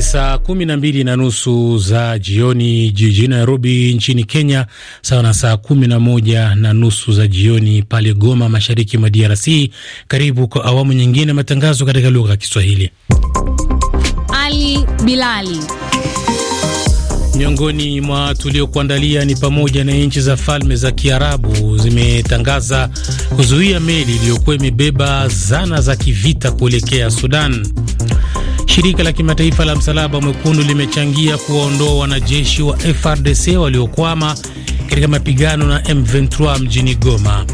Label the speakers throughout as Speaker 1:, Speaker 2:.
Speaker 1: saa kumi na mbili na nusu za jioni jijini Nairobi nchini Kenya, sawa na saa kumi na moja na nusu za jioni pale Goma, mashariki mwa DRC. Karibu kwa awamu nyingine matangazo katika lugha ya Kiswahili.
Speaker 2: Ali Bilali
Speaker 1: miongoni mwa tuliokuandalia ni pamoja na nchi za Falme za Kiarabu zimetangaza kuzuia meli iliyokuwa imebeba zana za kivita kuelekea Sudan. Shirika la kimataifa la Msalaba Mwekundu limechangia kuwaondoa wanajeshi wa FRDC waliokwama katika mapigano na M23 mjini Goma.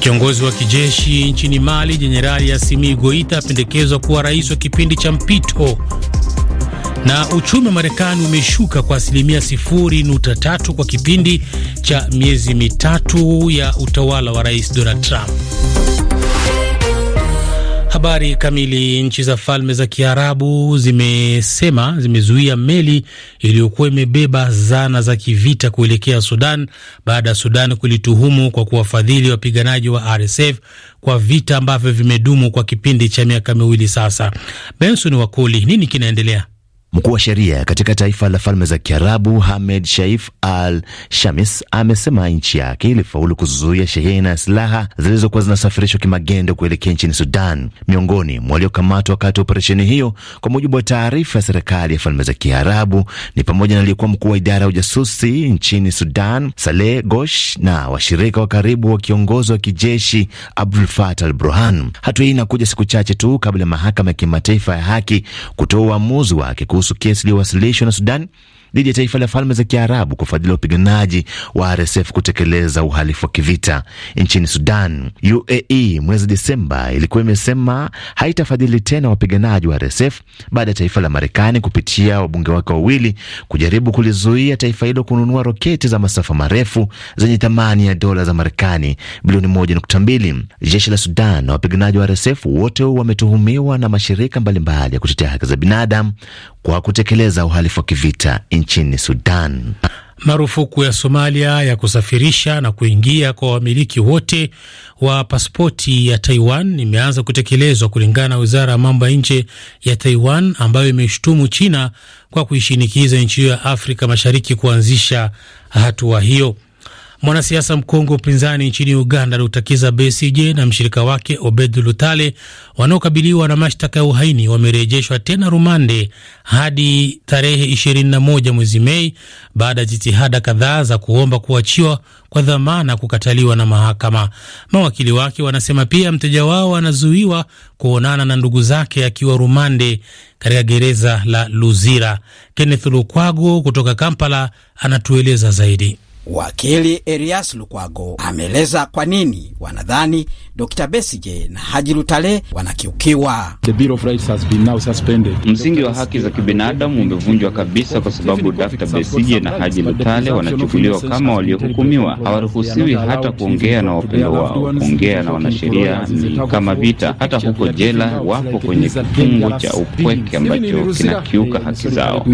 Speaker 1: Kiongozi wa kijeshi nchini Mali, Jenerali Asimi Goita apendekezwa kuwa rais wa kipindi cha mpito. Na uchumi wa Marekani umeshuka kwa asilimia 0.3 kwa kipindi cha miezi mitatu ya utawala wa Rais Donald Trump. Habari kamili. Nchi za Falme za Kiarabu zimesema zimezuia meli iliyokuwa imebeba zana za kivita kuelekea Sudan baada ya Sudan kulituhumu kwa kuwafadhili wapiganaji wa RSF kwa vita ambavyo vimedumu kwa kipindi cha miaka miwili sasa. Benson Wakoli, nini kinaendelea?
Speaker 3: Mkuu wa sheria katika taifa la Falme za Kiarabu Hamed Shaif Al Shamis amesema nchi yake ilifaulu kuzuia shehena ya silaha zilizokuwa zinasafirishwa kimagendo kuelekea nchini Sudan. Miongoni mwa waliokamatwa wakati wa operesheni hiyo, kwa mujibu wa taarifa ya serikali ya Falme za Kiarabu, ni pamoja na aliyekuwa mkuu wa idara ya ujasusi nchini Sudan Saleh Gosh na washirika wa karibu wa kiongozi wa kijeshi Abdul Fatah Al Burhan. Hatua hii inakuja siku chache tu kabla ya mahakama ya kimataifa ya haki kutoa uamuzi wake kuhusu kesi iliyowasilishwa na Sudan dhidi ya taifa la Falme za Kiarabu kufadhili wapiganaji wa RSF kutekeleza uhalifu wa kivita nchini Sudan. UAE mwezi Desemba ilikuwa imesema haitafadhili tena wapiganaji wa RSF baada ya taifa la Marekani kupitia wabunge wake wawili kujaribu kulizuia taifa hilo kununua roketi za masafa marefu zenye thamani ya dola za Marekani bilioni mbili. Jeshi la Sudan na wapiganaji wa RSF wote wametuhumiwa na mashirika mbalimbali ya kutetea haki za binadamu kwa kutekeleza uhalifu wa kivita nchini Sudan.
Speaker 1: Marufuku ya Somalia ya kusafirisha na kuingia kwa wamiliki wote wa pasipoti ya Taiwan imeanza kutekelezwa kulingana na wizara ya mambo ya nje ya Taiwan ambayo imeshutumu China kwa kuishinikiza nchi hiyo ya Afrika Mashariki kuanzisha hatua hiyo. Mwanasiasa mkongwe wa upinzani nchini Uganda Dr. Besigye na mshirika wake Obed Lutale wanaokabiliwa na mashtaka ya uhaini wamerejeshwa tena rumande hadi tarehe 21 mwezi Mei baada ya jitihada kadhaa za kuomba kuachiwa kwa dhamana kukataliwa na mahakama. Mawakili wake wanasema pia mteja wao anazuiwa kuonana na ndugu zake akiwa rumande katika gereza la Luzira. Kenneth Lukwago kutoka Kampala anatueleza zaidi.
Speaker 4: Wakili Elias Lukwago ameeleza kwa nini wanadhani Dr. Besije na Haji Lutale wanakiukiwa.
Speaker 5: Msingi wa haki za kibinadamu umevunjwa kabisa, kwa sababu Dr. Besije na Haji Lutale wanachukuliwa kama waliohukumiwa. Hawaruhusiwi hata kuongea na wapendo wao. Kuongea na wanasheria ni kama vita. Hata huko jela wapo kwenye kifungo cha upweke ambacho kinakiuka
Speaker 4: haki zao.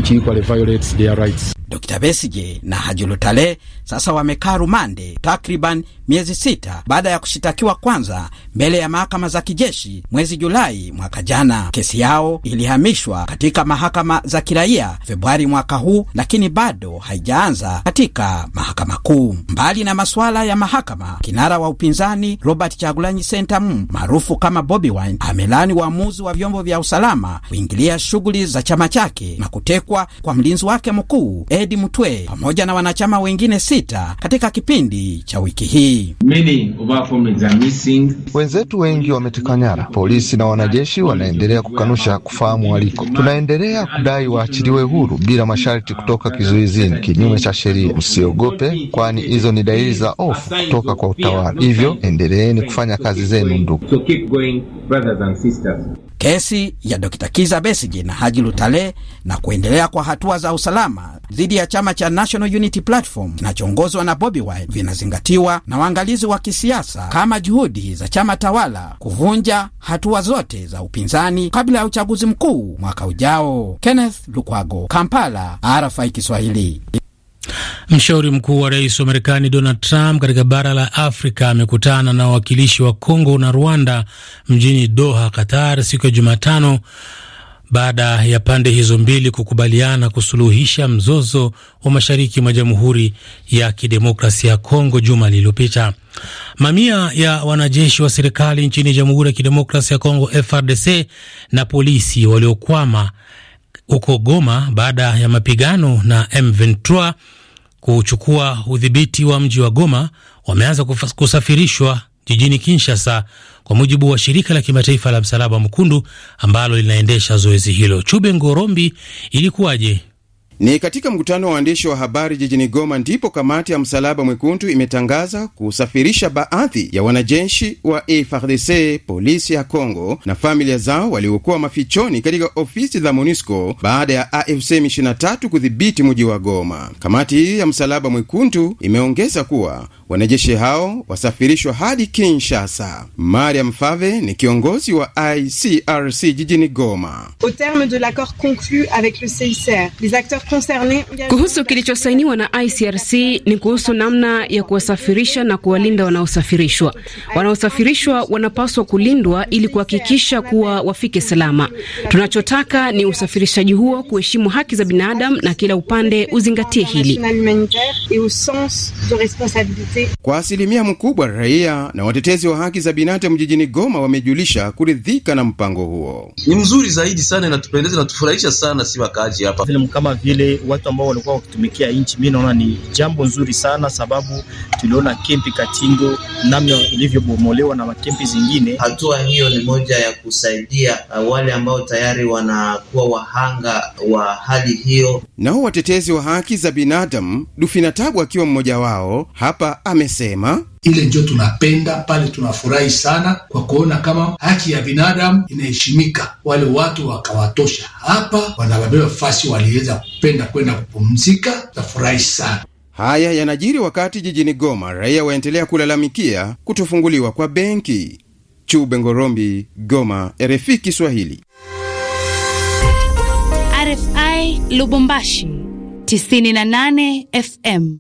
Speaker 4: Dr Besige na Hajulutale sasa wamekaa rumande takriban miezi sita baada ya kushitakiwa kwanza mbele ya mahakama za kijeshi mwezi Julai mwaka jana. Kesi yao ilihamishwa katika mahakama za kiraia Februari mwaka huu, lakini bado haijaanza katika mahakama kuu. Mbali na masuala ya mahakama, kinara wa upinzani Robert Chagulanyi Sentamu maarufu kama Bobi Wine amelani uamuzi wa vyombo vya usalama kuingilia shughuli za chama chake na kutekwa kwa mlinzi wake mkuu Edi Mutwe pamoja na wanachama wengine sita katika kipindi
Speaker 3: cha wiki hii. Wenzetu wengi wameteka nyara, polisi na wanajeshi wanaendelea kukanusha kufahamu waliko. Tunaendelea kudai waachiliwe huru bila masharti kutoka kizuizini kinyume cha sheria. Msiogope, kwani hizo ni dalili za ofu kutoka kwa utawala. Hivyo endeleeni kufanya kazi zenu ndugu.
Speaker 4: Kesi ya Dr. Kiza besiji na Haji Lutale na kuendelea kwa hatua za usalama dhidi ya chama cha National Unity Platform kinachoongozwa na Bobi Wine vinazingatiwa na waangalizi wa kisiasa kama juhudi za chama tawala kuvunja hatua zote za upinzani kabla ya uchaguzi mkuu mwaka ujao. Kenneth Lukwago, Kampala, RFI Kiswahili.
Speaker 1: Mshauri mkuu wa rais wa Marekani Donald Trump katika bara la Afrika amekutana na wawakilishi wa Kongo na Rwanda mjini Doha, Qatar, siku ya Jumatano baada ya pande hizo mbili kukubaliana kusuluhisha mzozo wa mashariki mwa Jamhuri ya Kidemokrasia ya Kongo juma lililopita. Mamia ya wanajeshi wa serikali nchini Jamhuri ya Kidemokrasia ya Kongo FRDC na polisi waliokwama huko Goma baada ya mapigano na M23 kuchukua udhibiti wa mji wa Goma wameanza kusafirishwa jijini Kinshasa kwa mujibu wa shirika la kimataifa la Msalaba Mkundu ambalo linaendesha zoezi hilo. Chube Ngorombi, ilikuwaje?
Speaker 5: Ni katika mkutano wa waandishi wa habari jijini Goma ndipo kamati ya Msalaba Mwekundu imetangaza kusafirisha baadhi ya wanajeshi wa FARDC, polisi ya congo na familia zao waliokuwa mafichoni katika ofisi za MONUSCO baada ya AFC M23 kudhibiti mji wa Goma. Kamati hii ya Msalaba Mwekundu imeongeza kuwa wanajeshi hao wasafirishwa hadi Kinshasa. Mariam Fave ni kiongozi wa ICRC jijini Goma.
Speaker 6: Au terme de l'accord conclu avec le CICR, les acteurs kuhusu kilichosainiwa na ICRC ni kuhusu namna ya kuwasafirisha na kuwalinda wanaosafirishwa. Wanaosafirishwa wanapaswa kulindwa ili kuhakikisha kuwa wafike salama. Tunachotaka ni usafirishaji huo kuheshimu haki za binadamu na kila upande uzingatie hili.
Speaker 5: Kwa asilimia mkubwa, raia na watetezi wa haki za binadamu jijini Goma wamejulisha kuridhika na mpango huo.
Speaker 1: Ni mzuri zaidi sana, inatupendeza, inatufurahisha sana si wakaaji hapa kama vile vile watu ambao walikuwa wakitumikia nchi. Mimi naona ni jambo
Speaker 3: nzuri sana, sababu tuliona kempi Katingo namna ilivyobomolewa na makempi zingine. Hatua hiyo ni moja ya kusaidia uh, wale ambao tayari wanakuwa wahanga wa hali hiyo.
Speaker 5: Nao watetezi wa haki za binadamu Dufina Tabu akiwa mmoja wao hapa amesema
Speaker 1: ile ndio tunapenda pale,
Speaker 3: tunafurahi sana
Speaker 1: kwa kuona kama haki ya binadamu inaheshimika. Wale watu wakawatosha hapa, wanababea fasi, waliweza kupenda kwenda kupumzika. Tafurahi sana.
Speaker 5: Haya yanajiri wakati jijini Goma raia waendelea kulalamikia kutofunguliwa kwa benki. Chube Ngorombi, Goma, RFI Kiswahili.
Speaker 2: RFI Lubumbashi 98 FM.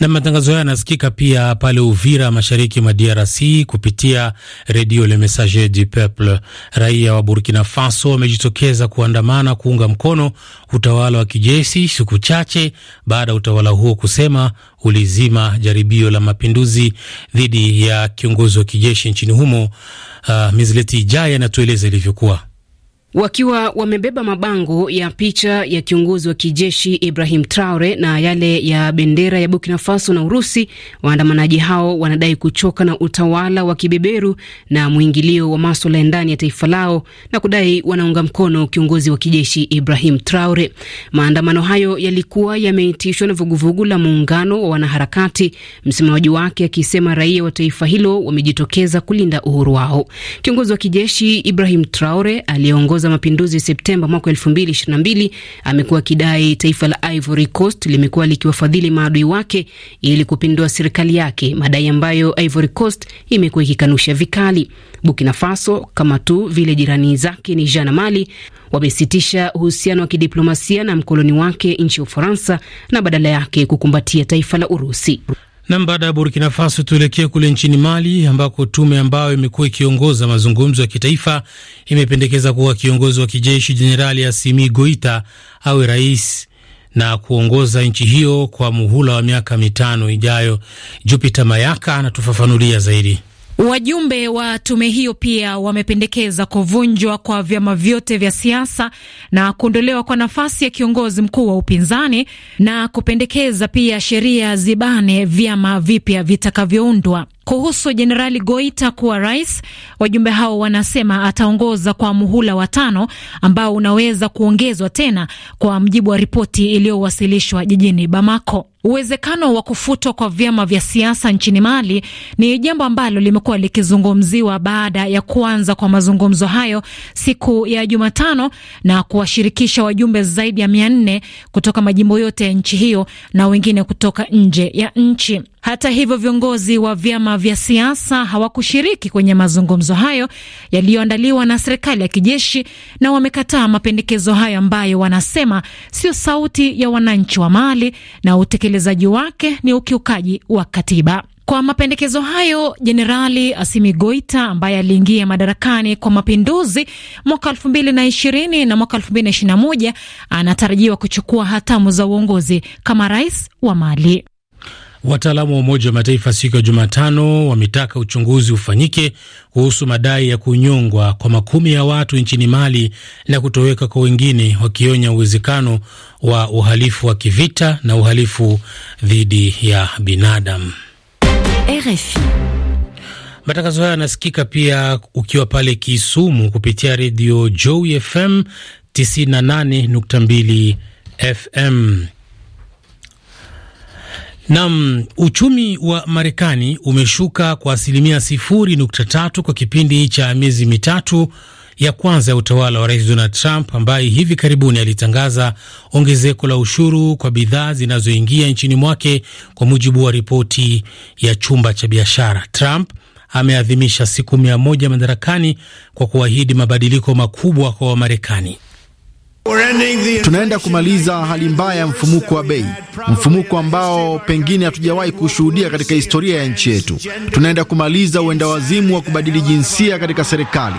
Speaker 1: Na matangazo haya yanasikika pia pale Uvira, mashariki mwa DRC kupitia redio Le Messager du Peuple. Raia wa Burkina Faso wamejitokeza kuandamana kuunga mkono utawala wa kijeshi siku chache baada ya utawala huo kusema ulizima jaribio la mapinduzi dhidi ya kiongozi wa kijeshi nchini humo. Uh, ah, Mizleti Jaya anatueleza ilivyokuwa
Speaker 6: wakiwa wamebeba mabango ya picha ya kiongozi wa kijeshi Ibrahim Traore na yale ya bendera ya Burkina Faso na Urusi. Waandamanaji hao wanadai kuchoka na utawala wa kibeberu na mwingilio wa maswala ya ndani ya taifa lao na kudai wanaunga mkono kiongozi wa kijeshi Ibrahim Traore. Maandamano hayo yalikuwa yameitishwa na vuguvugu la muungano wa wanaharakati, msemaji wake akisema raia wa taifa hilo wamejitokeza kulinda uhuru wao. Kiongozi wa kijeshi Ibrahim Traore aliongoza za mapinduzi Septemba mwaka mbili amekuwa akidai taifa la Ivory Coast limekuwa likiwafadhili maadui wake ili kupindua serikali yake, madai ambayo Ivory Coast imekuwa ikikanusha vikali. Burkina Faso kama tu vile jirani zake Niger na Mali wamesitisha uhusiano wa kidiplomasia na mkoloni wake nchi ya Ufaransa na badala yake kukumbatia taifa la Urusi.
Speaker 1: Nam, baada ya Burkina Faso tuelekee kule nchini Mali ambako tume ambayo imekuwa ikiongoza mazungumzo ya kitaifa imependekeza kuwa kiongozi wa kijeshi Jenerali Asimi Goita awe rais na kuongoza nchi hiyo kwa muhula wa miaka mitano ijayo. Jupiter Mayaka anatufafanulia zaidi.
Speaker 2: Wajumbe wa tume hiyo pia wamependekeza kuvunjwa kwa vyama vyote vya siasa na kuondolewa kwa nafasi ya kiongozi mkuu wa upinzani na kupendekeza pia sheria zibane vyama vipya vitakavyoundwa. Kuhusu Jenerali Goita kuwa rais, wajumbe hao wanasema ataongoza kwa muhula wa tano ambao unaweza kuongezwa tena, kwa mjibu wa ripoti iliyowasilishwa jijini Bamako. Uwezekano wa kufutwa kwa vyama vya siasa nchini Mali ni jambo ambalo limekuwa likizungumziwa baada ya kuanza kwa mazungumzo hayo siku ya Jumatano na kuwashirikisha wajumbe zaidi ya mia nne kutoka majimbo yote ya nchi hiyo na wengine kutoka nje ya nchi. Hata hivyo, viongozi wa vyama vya siasa hawakushiriki kwenye mazungumzo hayo yaliyoandaliwa na serikali ya kijeshi na wamekataa mapendekezo hayo ambayo wanasema sio sauti ya wananchi wa Mali na utekelezaji wake ni ukiukaji wa katiba. Kwa mapendekezo hayo, Jenerali Asimi Goita ambaye aliingia madarakani kwa mapinduzi mwaka elfu mbili na ishirini na mwaka elfu mbili na ishirini na moja anatarajiwa kuchukua hatamu za uongozi kama rais wa Mali.
Speaker 1: Wataalamu wa Umoja wa Mataifa siku ya Jumatano wametaka uchunguzi ufanyike kuhusu madai ya kunyongwa kwa makumi ya watu nchini Mali na kutoweka kwa wengine, wakionya uwezekano wa uhalifu wa kivita na uhalifu dhidi ya binadamu. RFI. Matangazo haya yanasikika pia ukiwa pale Kisumu kupitia redio Joy FM 98.2 FM. Nam, uchumi wa Marekani umeshuka kwa asilimia 0.3 kwa kipindi cha miezi mitatu ya kwanza ya utawala wa Rais Donald Trump ambaye hivi karibuni alitangaza ongezeko la ushuru kwa bidhaa zinazoingia nchini mwake, kwa mujibu wa ripoti ya chumba cha biashara. Trump ameadhimisha siku mia moja madarakani kwa kuahidi mabadiliko makubwa kwa Wamarekani.
Speaker 3: Tunaenda kumaliza hali mbaya ya mfumuko wa bei, mfumuko ambao pengine hatujawahi kushuhudia katika historia ya nchi yetu. Tunaenda kumaliza uenda wazimu wa kubadili jinsia katika serikali.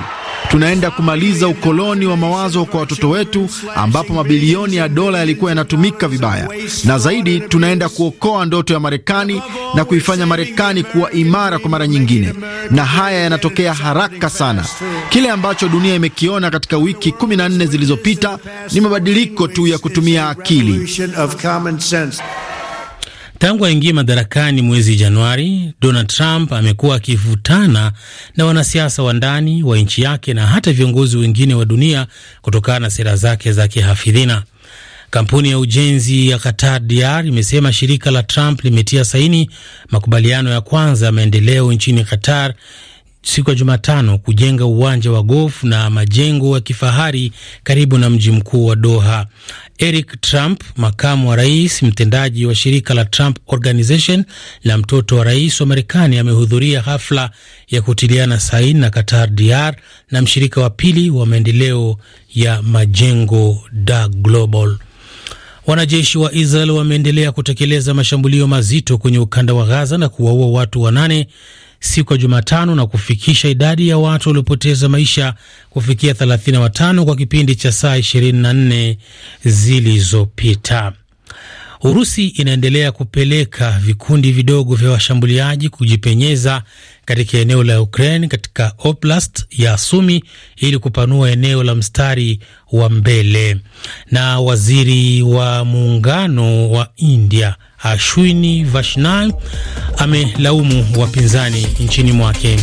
Speaker 3: Tunaenda kumaliza ukoloni wa mawazo kwa watoto wetu, ambapo mabilioni ya dola yalikuwa yanatumika vibaya. Na zaidi, tunaenda kuokoa ndoto ya Marekani na kuifanya Marekani kuwa imara kwa mara nyingine, na haya yanatokea haraka sana. Kile ambacho dunia imekiona katika wiki 14 zilizopita ni mabadiliko tu ya kutumia akili.
Speaker 1: Tangu aingie madarakani mwezi Januari, Donald Trump amekuwa akivutana na wanasiasa wa ndani wa nchi yake na hata viongozi wengine wa dunia kutokana na sera zake za kihafidhina. Kampuni ya ujenzi ya Qatar DR imesema shirika la Trump limetia saini makubaliano ya kwanza ya maendeleo nchini Qatar siku ya Jumatano kujenga uwanja wa golf na majengo ya kifahari karibu na mji mkuu wa Doha. Eric Trump, makamu wa rais mtendaji wa shirika la Trump Organization la mtoto wa rais wa Marekani, amehudhuria hafla ya kutiliana saini na Qatar DR na mshirika wa pili wa maendeleo ya majengo Da Global. Wanajeshi wa Israel wameendelea kutekeleza mashambulio mazito kwenye ukanda wa Gaza na kuwaua watu wanane siku ya Jumatano na kufikisha idadi ya watu waliopoteza maisha kufikia 35 kwa kipindi cha saa 24 zilizopita. Urusi inaendelea kupeleka vikundi vidogo vya washambuliaji kujipenyeza katika eneo la Ukraine katika oblast ya Sumi ili kupanua eneo la mstari wa mbele. Na waziri wa muungano wa India Ashwini
Speaker 6: ah, Vaishnav amelaumu wapinzani nchini mwake.